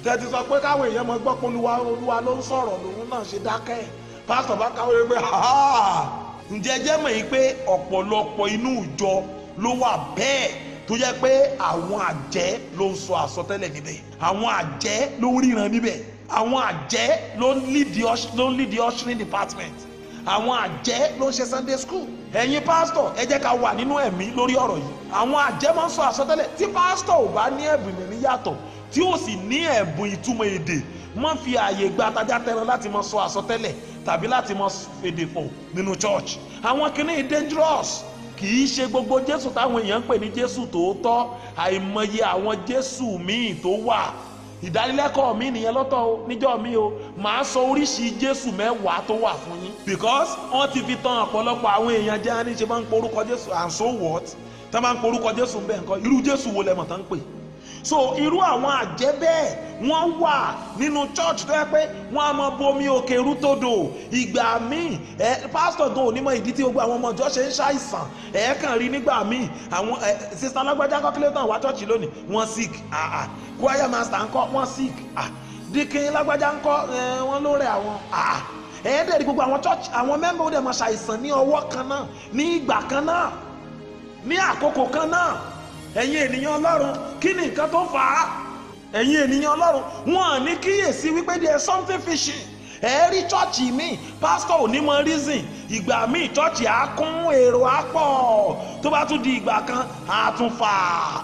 tẹ̀tí sọ pé káwọn èèyàn mọ gbọ́ pé olúwa olúwa ló ń sọ̀rọ̀ lòun náà ṣe dákẹ́ pásítọ̀ bá káwọn èèyàn pé ah ǹjẹ́ jẹ́ mọ̀ yìí pé ọ̀pọ̀lọpọ̀ inú ìjọ ló wà bẹ́ẹ̀ tó jẹ́ pé àwọn àjẹ́ ló ń sọ àsọtẹ́lẹ̀ níbẹ̀ àwọn àjẹ́ ló ń ríran níbẹ̀ àwọn àjẹ́ ló ń lead the ló ń lead the ushering department àwọn àjẹ́ ló ń ṣe sunday school ẹ̀yin pásítọ̀ ẹ jẹ́ ká wà nínú ẹ̀mí lórí ọ̀rọ̀ yìí àwọn àjẹ́ máa ń sọ àsọtẹ́lẹ̀ tí pásítọ̀ ò bá ní ẹ̀bùn ìmẹ̀mí yàtọ̀ tí ó sì ní ẹ̀bùn ìtumọ̀ èdè má fi ààyè gba atajà tẹran láti máa sọ àsọtẹ́lẹ̀ tàbí láti máa fèdè fọ̀ nínú church àwọn kìnnìún dangerous kì í ṣe gbogbo jésù táwọn èèyàn ń pè ní jésù tòótọ́ àìmọye àwọn jésù míì tó wà ìdánilẹ́kọ̀ọ́ mi nìyẹn lọ́tọ̀ níjọ́ mi o màá sọ oríṣi jésù mẹ́wàá tó wà fún yín because wọ́n ti fi tan ọ̀pọ̀lọpọ̀ àwọn èèyàn jẹ́ àníṣe máa ń porúkọ jésù and so what tán máa ń porúkọ jésù bẹ́ẹ̀ nǹkan irú jésù wo lẹ́mọ̀ tán ń pè é so irú àwọn àjẹ́ bẹ́ẹ̀ wọ́n wà nínú church tó yẹ pé wọ́n á mọ bomi òkè rútòdò ìgbà míì ẹ pásítọ̀ gan ò ní mọ ìdí tí gbogbo àwọn ọmọ ọjọ́ ṣe ń ṣàìsàn ẹ kàn rí nígbà míì àwọn ẹ sísan lágbájá calculator wá church lónìí wọ́n sick ah ah choir master ńkọ́ wọ́n sick ah dikin lágbájá ńkọ́ ẹ wọ́n ló rẹ̀ àwọn ah ẹ̀ẹ́dẹ̀ẹ́dì gbogbo àwọn church àwọn mẹ́mbà ó dẹ̀ mọ ṣàìsàn ní ọwọ́ kan náà ní ìgbà kan náà ní àkókò kan náà ẹ̀yin ènìyàn ọlọ́run kí ni nǹkan tó fà á ẹ̀yin ènìyàn ọlọ́run wọn ní kíyèsí wípé there's something fishy ẹ rí chọ́ọ̀chì míì pásítọ̀ ò ní mọ reason ìgbà míì chọ́ọ̀chì á kún èrò á pọ̀ tó bá tún di ìgbà kan á tún fà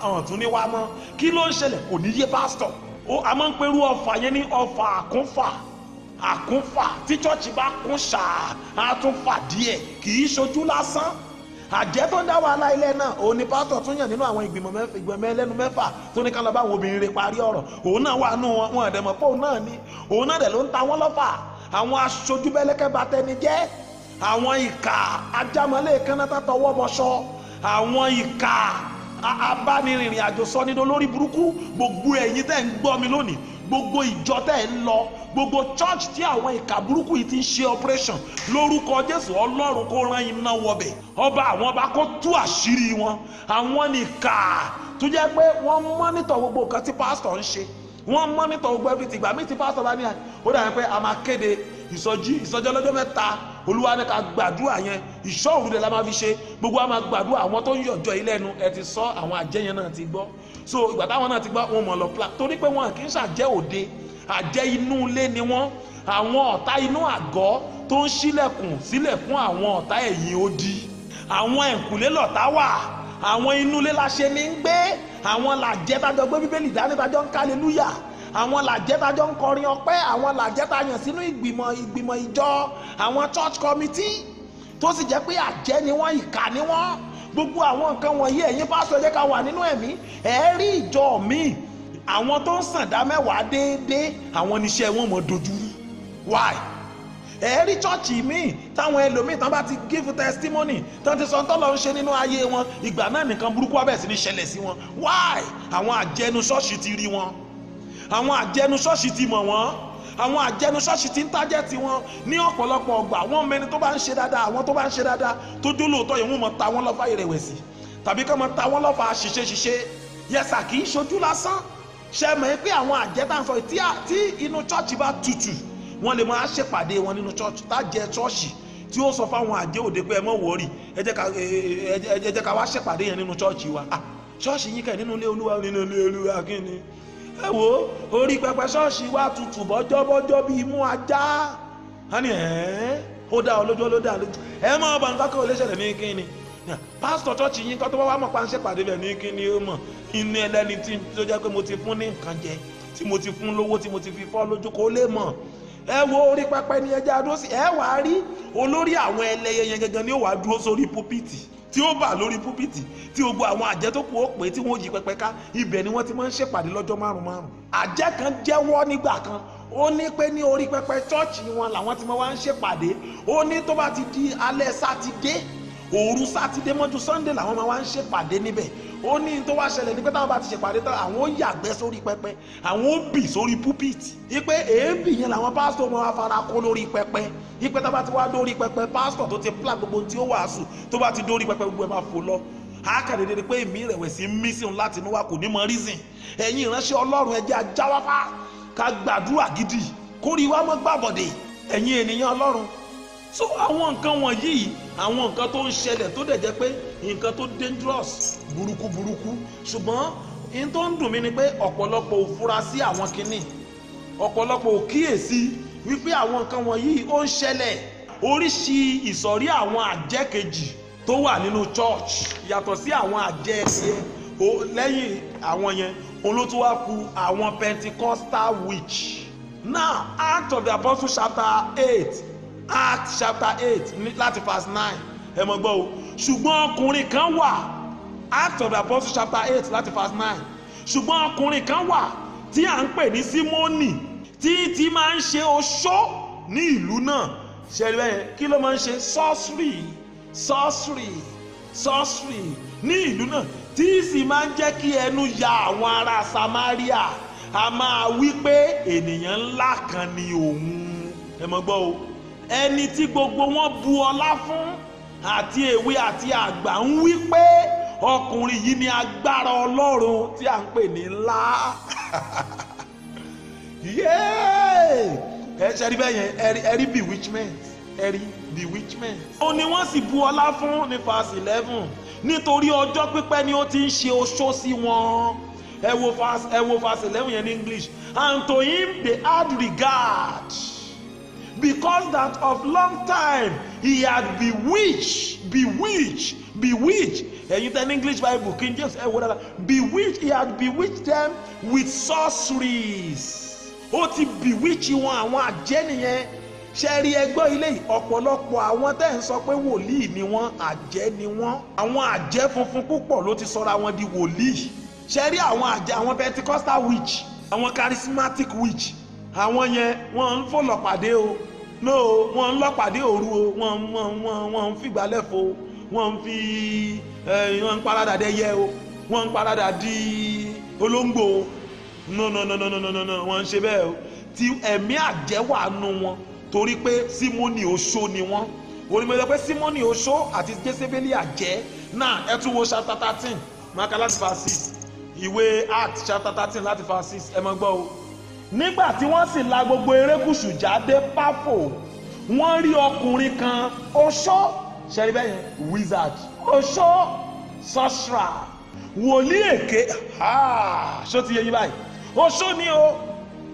hàn tún ní wá mọ́ kí ló ń ṣẹlẹ̀ kò ní yé pásítọ̀ ó a máa ń perú ọfà yẹn ní ọfà àkúnfà àkúnfà tí chọ́ọ̀chì bá kún ṣáà á tún fà díẹ̀ kì í ṣojú lásán àjẹ́ tó ń dá wàhálà ilẹ̀ náà òun ni pásítọ̀ tún yàn nínú àwọn ìgbìmọ̀ ìgbìmọ̀ ẹlẹ́nu mẹ́fà tó ní ká lọ bá àwọn obìnrin rẹ̀ parí ọ̀rọ̀ òun náà wà nù wọn wọn ẹ̀dẹ̀mọ̀ pé náà ni òun náà dẹ̀ ló ń ta wọ́n lọ́fà àwọn aṣojú bẹ́lẹ́kẹ́ bá tẹni jẹ́ àwọn ìkà ajámọ́lé kánnátà tọwọ́ bọṣọ àwọn ìkà abánirìnrìn àjò sọ́nidó lórí burúkú gbogbo ẹ̀yin tẹ́ ń gbọ́ mi lónìí gbogbo ìjọ tẹ́ ẹ̀ lọ gbogbo church tí àwọn ìka burúkú yìí ti ń ṣe operation lórúkọ jésù ọlọ́run kó rán iná wọbẹ̀ ọba àwọn ọba kó tú àṣírí wọn àwọn nìkà tó jẹ́ pé wọ́n mọ́nítọ̀ gbogbo nǹkan tí pásítọ̀ ń ṣe wọ́n mọ́nítọ̀ gbogbo ẹbí tìgbà mí ti pásítọ̀ bá ní à ó dàbí pé a máa kéde ìsọjí ìsọjí ọlọ́jọ́ mẹ́ta olúwa ní ká gbàdúrà yẹn ìṣọ́ òru dẹ̀ la máa fi ṣe gbogbo a máa gbàdúrà àwọn tó ń yọ̀jọ́ ilé ẹnu ẹ ti sọ àwọn àjẹyẹn náà ti gbọ́ so ìgbà táwọn náà ti gbá wọn mọ̀ lọ plan torí pé wọn kì í ṣàjẹ́ òde àjẹ́ inú ilé ni wọ́n àwọn ọ̀tá inú àgọ́ tó ń ṣílẹ̀kùn sílẹ̀ fún àwọn ọ̀tá ẹ̀yìn odi àwọn ẹ̀kúnlé lọ̀tá wà àwọn inú ilé la ṣe ní ń gbé àwọn làjẹ́ tájọ gbé bíbélì dání tájọ ń kálẹ́lúyà àwọn làjẹ́ tájọ ń kọrin ọpẹ́ àwọn làjẹ́ táyàn sínú ìgbìmọ̀ ìgbìmọ̀ ìjọ àwọn church committee tó sì jẹ́ pé àjẹ́ ni wọ́n ìkà ni wọ́n gbogbo àwọn nǹkan wọ̀nyí ẹ̀yin pásítọ̀ jẹ́ ká wà nínú ẹ̀mí ẹ̀ rí ìjọ míì àwọn tó ń sàn dá mẹ́wàá déédéé àwọn oníṣẹ́ wọn mọ̀ dojú why ẹ rí chọ́ọ̀chì míì táwọn ẹlòmíì tán bá ti give testimony tán ti sọ tán lọ ń ṣe nínú ayé wọn ìgbà náà nìkan burúkú abẹ́ sí ní ṣẹlẹ̀ sí wọn why àwọn àjẹnu ṣọ́ọ̀ṣì ti rí wọn àwọn àjẹnu ṣọ́ọ̀ṣì ti mọ̀ wọ́n àwọn àjẹnu ṣọ́ọ̀ṣì tí ń tájẹ́ ti wọn ní ọ̀pọ̀lọpọ̀ ọgbà àwọn mẹni tó bá ń ṣe dáadáa àwọn tó bá ń ṣe dáadáa tó jó lóòótọ́ yẹn wọ́n mọ̀ ta wọ́n lọ́fà ìrẹ̀wẹ̀sì tàbí kọ́ mọ̀ ta wọ́n lọ́fà ṣìṣe ṣìṣe yẹsà kì í ṣojú lásán ṣe mọ̀ pé àwọn àjẹ́ tá à ń sọ tí inú ṣọ́ọ̀ṣì bá tutù wọ́n lè máa ṣèpàdé wọn nínú ṣọ́ọ̀ṣì tájẹ́ ṣọ́ọ̀ṣì tí ó sọ fáwọn àjẹ́ òde pé ẹ mọ̀ wọ́ọ̀rì ẹ jẹ́ ká wá ṣèpàdé yẹn nínú ṣọ́ọ̀ṣì wa ah, ṣọ́ọ̀ṣì yín kẹ́ nínú ilé olúwa nínú ilé olúwa kí ni ẹ wo orí pẹpẹ ṣọ́ọ̀ṣì wa tutù bọ́jọ́bọ́jọ́ bíi imú ajá á ní ẹ̀ẹ́n ó dá ọ lójú ó dá ọ lójú ẹ mọ ọba nǹkan kan ò lè ṣẹlẹ̀ ní kíni pásítọ̀ ṣọ́ọ̀ṣì yín kọ́ tó bá wà mọ̀ páńṣẹ́ pàdé bẹ̀ ní kíni ó mọ̀ inú ẹlẹ́ni tí ó jẹ́ pé mo ti fún ní nǹkan jẹ tí mo ti fún lówó tí mo ti fi fọ́ lójú kó lè mọ̀ ẹ wo orí pápá ẹni ẹja dúró sí ẹ wàá rí olórí àwọn ẹlẹ́yẹ yẹn ni ó wàá dúró sórí púpìtì tí ó bà lórí púpìtì tí gbogbo àwọn àjẹ́ tó kù ó pè tí wọ́n yí pẹpẹ ká ibẹ̀ ni wọ́n ti máa ń ṣèpàdé lọ́jọ́ márùn márùn. àjẹ́ kan jẹ́wọ́ nígbà kan ó ní pé ní orí pẹpẹ chọ́ọ̀chì wọn làwọn ti máa wá ń ṣèpàdé ó ní tó bá ti di alẹ́ sátidé òru sátidé mọ́jú sunday làwọn máa wá ń ṣèpàdé níbẹ̀ ó ní tó wá ṣẹlẹ̀ ní pé táwọn bá ti ṣèpàdé tán àwọn ó yàgbẹ́ sórí pẹpẹ àwọn ó bì sórí púpìtì wípé èébì yẹn làwọn pásítọ̀ máa fara kó lórí pẹpẹ wípé tá bá ti wá dórí pẹpẹ pásítọ̀ tó ti plan gbogbo tí ó wàásù tó bá ti dórí pẹpẹ gbogbo ẹ̀ máa fò lọ akàdédé pé èmi ìrẹ̀wẹ̀sì ń mí sí òun láti inú wa kò ní mọ reason ẹ̀yin ìránṣẹ́ ọlọ́run ẹ jẹ́ ajáwáfá ká gbàdúrà gidi kórìí wa mọ́ gbàbọ̀dé ẹ̀yin ènìyàn ọlọ́run so àwọn nǹkan wọ̀nyí àwọn nǹkan tó ń ṣẹlẹ̀ tó dẹ̀ jẹ́ pé nǹkan tó dangerous burúkú burúkú ṣùgbọ́n n tó ń dùn mí ni pé ọ̀pọ̀lọpọ̀ ò fura sí àwọn kinní ọ̀pọ̀lọpọ̀ ò kíyèsí wípé àwọn nǹkan wọ̀nyí ó ń ṣẹlẹ̀ oríṣi ìsọ̀rí àwọn àjẹ́ kejì tó wà nínú church yàtọ̀ sí àwọn àjẹ́ ẹ̀yẹ lẹ́yìn àwọn yẹn òun ló tún wá ku àwọn Pentecostal witch now Acts of the Apostles chapter eight Acts chapter eight láti verse nine ẹ mọ̀ gbọ́ o ṣùgbọ́n ọkùnrin kan wà Acts of the Apostles chapter eight láti verse nine ṣùgbọ́n ọkùnrin kan wà tí à ń pè ní Símónì tí tí máa ń ṣe oṣó ní ìlú náà ṣẹlẹ̀ kí ló máa ń ṣe sorcery sorcery sorcery ní ìlú náà tí sì máa ń jẹ́ kí ẹnu ya àwọn ará Samaria a máa wí pé ènìyàn ńlá kan ni òun ẹ mọ̀ gbọ́ o ẹni tí gbogbo wọn bu ọlá fún àti èwe àti àgbà ń wí pé ọkùnrin yìí ni agbára ọlọ́run tí à ń pè ní ńlá [LAUGHS] ẹ ṣe rí bẹ́ẹ̀ yẹn ẹ bewitchment ẹ rí bewitchment. ó ní wọ́n sì bu ọlá fún ní fásitì eleven nítorí ọjọ́ pípẹ́ ni ó ti ń ṣe oṣó sí wọn ẹ wo fásitì eleven yẹn ní English and to him they had regard because that of long time he had bewitched bewitched bewitched ẹ̀yin tẹ́ english bible king james ẹ̀ wọ́n bewitched he had bewitched them with sorceries ó ti bewitch wọn àwọn àjẹ́ nìyẹn ṣe rí ẹgbọ́ ilé ọ̀pọ̀lọpọ̀ àwọn tẹ́ ń sọ pé wòlíì ni wọ́n àjẹ́ ni wọ́n àwọn àjẹ́ funfun púpọ̀ ló ti sọra wọn di wòlíì ṣe rí àwọn àjẹ́ àwọn pentecostal witch àwọn charismatic witch àwọn yẹn wọ́n ń fò lọ́pàdé o no wọ́n ń lọ́pàdé òru o wọ́n wọ́n wọ́n wọ́n ń fìgbà lẹ́fọ wọ́n ń fi wọ́n ń paradà dẹyẹ o wọ́n ń paradà di olóńgbò o no no no no no no no wọ́n ń ṣe bẹ́ẹ̀ o ti ẹ̀mí àjẹ́wà nu wọn torí pé símónì oṣó ni wọ́n onímọ̀lẹ́ pé símónì oṣó àti jésébélì àjẹ́ náà ẹ tún wo chapter thirteen máa ka láti fa six ìwé act chapter thirteen láti fa six ẹ máa gbọ́ o nígbà tí wọ́n sì la gbogbo erékùṣù jáde páfò wọ́n rí ọkùnrin kan oṣó ṣẹ́rí bẹ́yẹn wizard oṣó sorcerer wòlíì èké ṣó ti yé yín báyìí oṣó ni o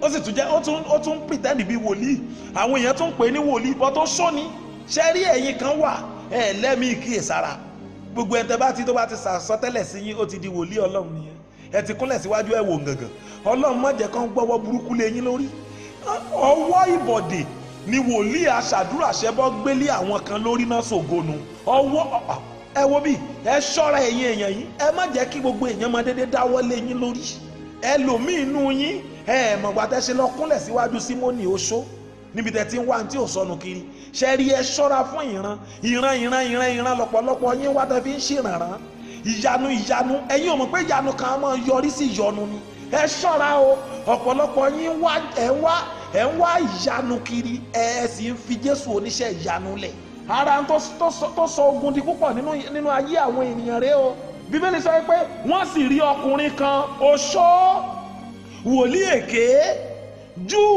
ó sì tún jẹ́ ó tún pretend bí wòlíì àwọn èèyàn tún pè é ní wòlíì bọ́ tó ṣó ni ṣẹ́rí ẹ̀yin kan wà ẹ̀ lẹ́mìí kíyèsára gbogbo ẹ̀ tẹ́ bá ti tó bá ti sàsọtẹ́lẹ̀ sí yín ó ti di wòlíì ọlọ́run nìyẹn ẹ ti kúnlẹ̀ síwájú ẹ wò gàngàn ọlọ́run má jẹ́ kán gbọ́wọ́ burúkú lé yín lórí ọwọ́ ìbọ̀dè ni wòlíì aṣàdúrà ṣẹbọ gbélé àwọn kan lórí náà ṣògonu ọwọ́ ẹ wo bí ẹ ṣọ́ra ẹ̀yin èèyàn yín ẹ má jẹ́ kí gbogbo èèyàn máa dédé dáwọ́ lé yín lórí ẹlòmíín nú yín ẹ mọ̀gbà tẹ́ ṣe lọ kúnlẹ̀ síwájú símónì oṣó níbi tẹ́ ti ń wá ní tí ò sọnù kiri ṣe rí ẹ ṣọ́ra fún ìran ìran ìran ìran ìran yín wá tẹ́ fi ń ṣèrànràn ìyanu ìyanu ẹ̀yin ò mọ̀ pé ìyanu kan máa yọrí sí ìyọnu ni ẹ ṣọ́ra o ọ̀pọ̀lọpọ̀ yín wá ẹ̀ ń wá ẹ̀ ń wá ìyanu kiri ẹ̀ sì ń fi Jésù oníṣẹ́ ìyanu lẹ̀ ara tó sọ ogun di púpọ̀ nínú ayé àwọn ènìyàn rẹ o Bíbélì sọ pé wọ́n sì rí ọkùnrin kan oṣó wòlíì èké júù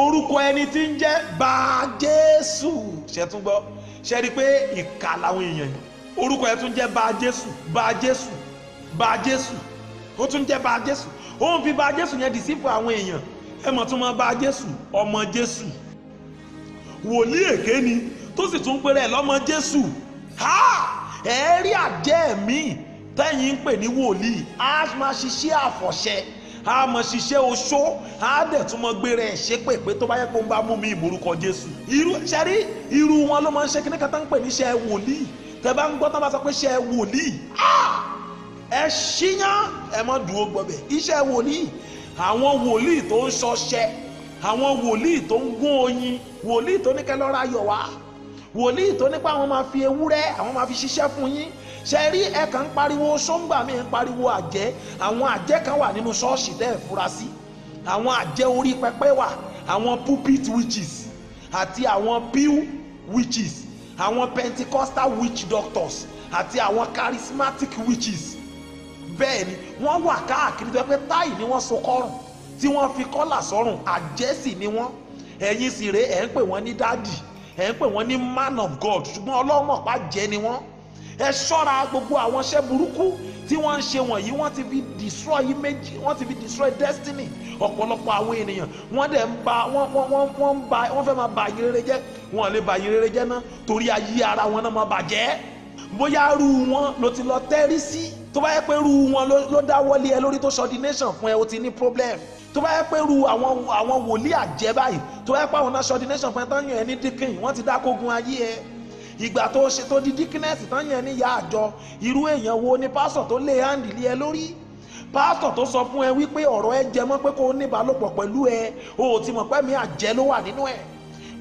orúkọ ẹni tí ń jẹ́ bá Jésù ṣẹ́túgbọ́ ṣẹ́ni pé ìkà làwọn èèyàn yìí orúkọ ẹ tún jẹ́ bá jésù bá jésù bá jésù ó tún jẹ́ bá jésù ó ń fi bá jésù yẹn dìsípò àwọn èèyàn ẹ mọ̀ tún mọ́ bá jésù ọmọ jésù wòlíì èké ni tó sì tún pèrè lọ́mọ jésù ha ẹ rí àjẹ́ mi tẹ́yìn ń pè ní wòlíì á máa ṣiṣẹ́ àfọ̀ṣẹ á máa ṣiṣẹ́ oṣó á dẹ̀ tún mọ gbére ẹ̀ ṣe pé pé tó bá yẹ kó ń bá mú mi ìmúrúkọ jésù irú ṣẹ́rí irú wọn ló máa ń ṣe kíní kan ń pè níṣẹ́ wòlíì tẹ bá ń gbọ́ tán bá sọ pé ṣe wòlíì ah! ẹ ṣíyàn ẹ mọ́ dùn ó gbọ́bẹ̀ iṣẹ́ wòlíì àwọn wòlíì tó ń ṣọṣẹ àwọn wòlíì tó ń gún oyin wòlíì tó ní kẹlọ́ ra yọ̀ wá wòlíì tó nípa àwọn máa fi ewúrẹ́ àwọn máa fi ṣiṣẹ́ fún yín ṣe rí ẹ kàn ń pariwo sóńgbà mi ń pariwo àjẹ́ àwọn àjẹ́ kan wà nínú ṣọ́ọ̀ṣì tẹ́ ẹ̀ fura sí àwọn àjẹ́ orí pẹpẹ wà àwọn pulpit witches àti àwọn pew witches àwọn pentecostal witch doctors àti àwọn charismatic witches bẹ́ẹ̀ ni wọ́n wà káàkiri tó pé táì ni wọ́n so kọ́rùn tí wọ́n fi kọ́là sọ́rùn àjẹ́sì ni wọ́n ẹ̀yin sì rèé ẹ̀ ń pè wọ́n ní dádì ẹ̀ ń pè wọ́n ní man of God ṣùgbọ́n ọlọ́mọ̀pá jẹ́ ni wọ́n ẹ ṣọ́ra gbogbo àwọn iṣẹ́ burúkú tí wọ́n ń ṣe wọ̀nyí wọ́n ti fi destroy image wọ́n ti fi destroy destiny ọ̀pọ̀lọpọ̀ àwọn ènìyàn wọ́n dẹ̀ ń ba wọ́n wọ́n wọ́n wọ́n ba wọ́n fẹ́ máa ba ayé rere jẹ́ wọ́n lè ba ayé rere jẹ́ náà torí ayé ara wọn náà máa bàjẹ́ bóyá rú wọn ló ti lọ tẹ́rí sí tó bá yẹ pé rú wọn ló dá wọlé ẹ lórí tó sọ di nation fún ẹ o ti ní problem tó bá yẹ pé ru àwọn àwọn wòlíì àjẹ́ báyìí tó bá yẹ pé àwọn náà sọ di nation fún ẹ tán yàn ẹ ní díkìn wọ́n ti dákógun ayé ẹ ìgbà tó ṣe tó di díkínẹ́sì tán yẹn níyà àjọ irú èèyàn wo ni pásítọ̀ tó lè hàǹdì lé ẹ lórí pásítọ̀ tó sọ fún ẹ wípé ọ̀rọ̀ ẹ jẹ mọ́ pé kó o níbàálòpọ̀ pẹ̀lú ẹ o ò ti mọ̀ pé mi àjẹ́ ló wà nínú ẹ̀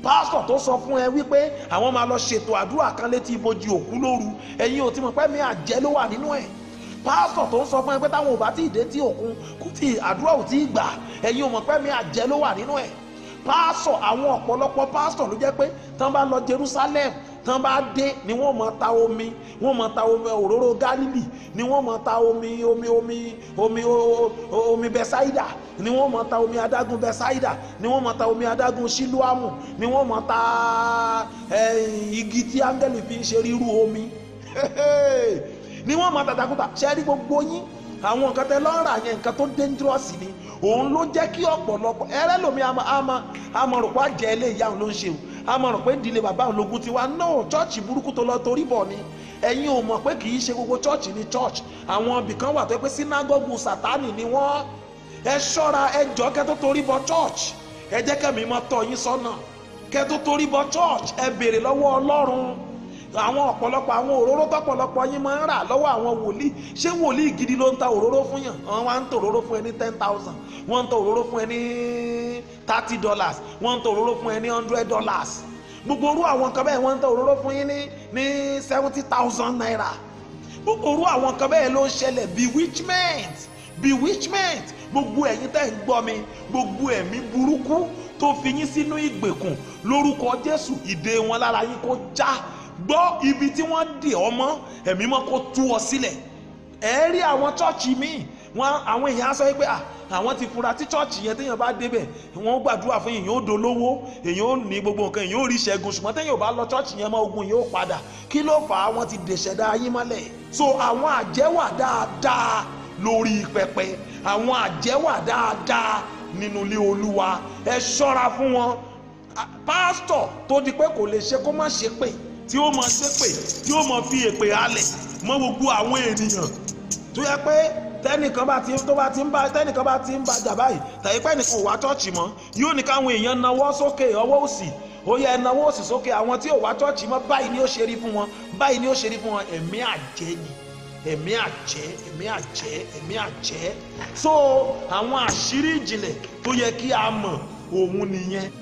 pásítọ̀ tó sọ fún ẹ wípé àwọn máa lọ ṣètò àdúrà kan létí ibojì òkú lóru ẹ̀yin ò ti mọ̀ pé mi àjẹ́ ló wà nínú ẹ̀ pásítọ̀ tó ń sọ fún ẹ pé táwọn ò bá tí ì dé tí òkun kò tí àdúrà ò tí ì gbà ẹ̀yin ò mọ̀ pé mi àjẹ́ ló wà nínú ẹ̀ pásítọ̀ àwọn ọ̀pọ̀lọpọ̀ pásítọ̀ ló jẹ́ pé tán bá lọ Jerusalem tán bá dé ni wọ́n máa ta omi wọ́n máa ta omi òróró Gálílì ni wọ́n máa ta omi omi omi omi omi Bẹ́sáídà ni wọ́n máa ta omi adágún Bẹ́sáídà ni wọ́n máa ta omi adágún Sílúámù ni wọ́n máa ta igi tí áńgẹ́lì fi ń ṣe rírú omi [LAUGHS] ni wọ́n máa tàtàkùtà ṣẹ́ẹ́rí gbogbo yín àwọn nǹkan tẹ lọ́ọ̀rà yẹn nǹkan tó dangerous ni òun ló jẹ́ kí ọ̀pọ̀lọpọ̀ ẹrẹ́ lómi àmọ́ àmọ́ ló ń ṣe o a máa rò pé ìdílé bàbá ológun ti wá náà chọ́ọ̀chì burúkú tó lọ torí bọ̀ ni ẹ̀yin ò mọ̀ pé kì í ṣe gbogbo chọ́ọ̀chì ni chọ́ọ̀chì àwọn ibìkan wà tó pé sínágọ́gù sátánì ni wọ́n ẹ ṣọ́ra ẹ jọ kẹ́ tó torí bọ̀ chọ́ọ̀chì ẹ jẹ́ kẹ́mi mọ́ tọ́ yín sọ́nà kẹ́ tó torí bọ̀ chọ́ọ̀chì ẹ béèrè lọ́wọ́ ọlọ́run àwọn ọ̀pọ̀lọpọ̀ àwọn òróró tọ́pọ̀lọpọ̀ yín máa ń rà lọ́wọ́ àwọn wòlíì ṣé wòlíì gidi ló ń ta òróró fún yàn wọ́n wá ń ta òróró fún ẹ ní ten thousand wọ́n ń ta òróró fún ẹ ní thirty dollars wọ́n ń ta òróró fún ẹ ní hundred dollars gbogbo orú àwọn nǹkan bẹ́ẹ̀ wọ́n ń ta òróró fún yín ní seventy thousand naira gbogbo orú àwọn nǹkan bẹ́ẹ̀ ló ń ṣẹlẹ̀ bewitchment bewitchment gbogbo ẹ̀yin tẹ́ ń gbọ́ mi gbogbo ẹ̀mí burúkú tó fi yín sínú ìgbèkùn lórúkọ Jésù ìdè wọn lára yín kó já gbọ́ ibi tí wọ́n dè ọ́ mọ́ ẹ̀mí mọ́ kó tú ọ sílẹ̀ ẹ rí àwọn chọ́ọ̀chì míì wọn àwọn èèyàn á sọ pé àwọn ti fura tí chọ́ọ̀chì yẹn téèyàn bá débẹ̀ wọ́n gbàdúrà fún èèyàn ó dolówó èèyàn ó ní gbogbo nǹkan èèyàn ó rí ṣẹ́gun ṣùgbọ́n téèyàn ò bá lọ chọ́ọ̀chì yẹn mọ́ ogun yóò padà kí ló fà á wọ́n ti dèṣẹ̀dá ayé mọ́lẹ̀ so àwọn àjẹ́wà dáadáa lórí pẹpẹ àwọn àjẹ́wà dáadáa nínú ilé olúwa ẹ ṣọ́ra fún wọn pásítọ̀ tó di pé kò lè ṣe kó má ṣe pè é tí ó mọ ṣépè tí ó mọ fi èpè halẹ̀ mọ́ gbogbo àwọn ènìyàn tó yẹ pé tẹnìkan bá ti tó bá ti ń bá tẹnìkan bá ti ń bá jà báyìí tàbí pé ẹnìkan ò wá chọ́ọ̀chì mọ́ yóò ní káwọn èèyàn nawọ́ sókè ọwọ́ òsì ó yẹ nawọ́ òsì sókè àwọn tí ò wá chọ́ọ̀chì mọ́ báyìí ni ó ṣe rí fún wọn báyìí ni ó ṣe rí fún wọn ẹ̀mí àjẹ́ ni ẹ̀mí àjẹ́ ẹ̀mí àjẹ́ ẹ̀mí àjẹ́ so àwọn àṣírí ìjìnlẹ̀ tó yẹ kí a mọ̀ òun nìyẹn